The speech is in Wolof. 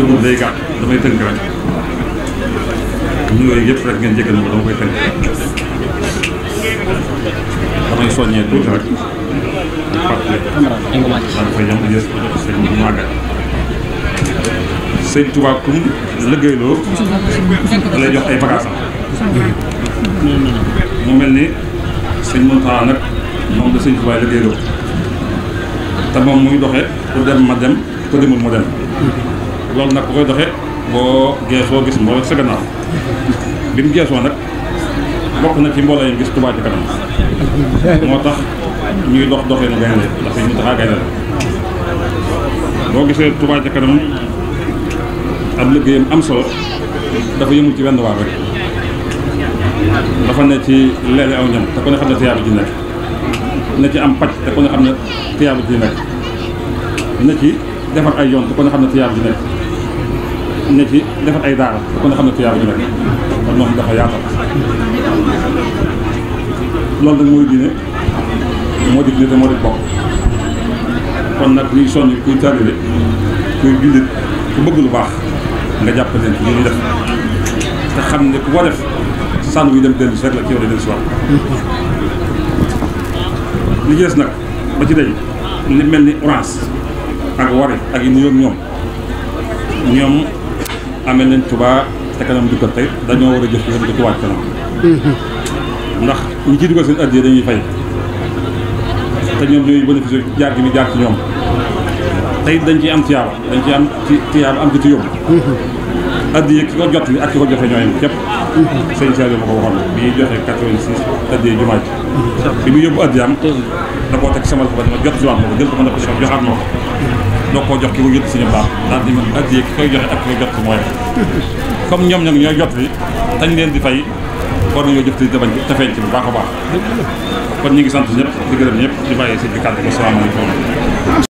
li moom day gàtt damay tënk rek nuyoo yëpp rek ngeen jégal ma dama koy tënk damay soññee tuuti rek di fàttali daal koy yëpp sëñ bi mu sëñ Tuubaa kum liggéeyloo da jox ay bagaasam mu mel ni sëñ Muntaxa nag moom da sëñ Tuubaa liggéeyloo te moom muy doxe ku dem ma dem ku demul mu dem loolu nag ku koy doxee boo geesoo gis mbooloo sa gannaaw bi mu geesoo nag bokk na ci mbooloo yi gis Touba Ca Kanam moo tax ñuy dox doxee nu gaynde boo gisee Touba Ca Kanam am solo dafa yëmul ci wenn waar rek dafa ne ci leele aw ñam te ku ne xam ne tiyaabu ji nekk na ci am paj te ku ne xam ne tiyaabu ji nekk na ci defar ay yoon te ku ne xam ne tiyaabu ji nekk ne ci defar ay daara kon nga xam ne tuyaaba ji nekk kon moom dafa yaatal loolu nag mooy diine moo di diine te moo di bokk kon nag ñuy soññ kuy taalibe kuy jullit ku bëgg lu baax nga jàpp leen ci def te xam ne ku ko def sànn wi dem dellu si rek la ci yow di dellu si waat li nag ba ci day li mel ni orange ak wari ak yi nuyoog ñoom ñoom amee nañ Touba ca kanam duggal tey dañoo war a jëf yéen Touba ca kanam. Mhm. ndax ñi ciy dugal seen addiya dañuy fay te ñoom ñooy bénéfice jaar gi mi jaar ci ñoom tey dañ ciy am tiyaaba dañ ciy am tiyaaba am ci yóbbu. Mhm. addiya ki ko jot li ak ki ko joxe ñooy am képp. Mhm. sëñ Saliou ma ko waxoon bi ñuy joxe 86 addiya jumaa ji. bi mu yóbbu addiyaam da koo teg sama loxo ba dama jot ci waat ma ko jël ko ma def ko joxaat ma ko. doo koo jox ki ko jot suñu baax daal di mën addiye ki koy joxe ak ki koy jot si mooy comme ñoom ñoom ñooy jot li tañ leen di fay war nañoo jëf te bañ te feeñ ci bu baax a baax kon ñu ngi sant ñëpp di gërëm ñëpp di bàyyi si bi kàddu ko salaamaaleykum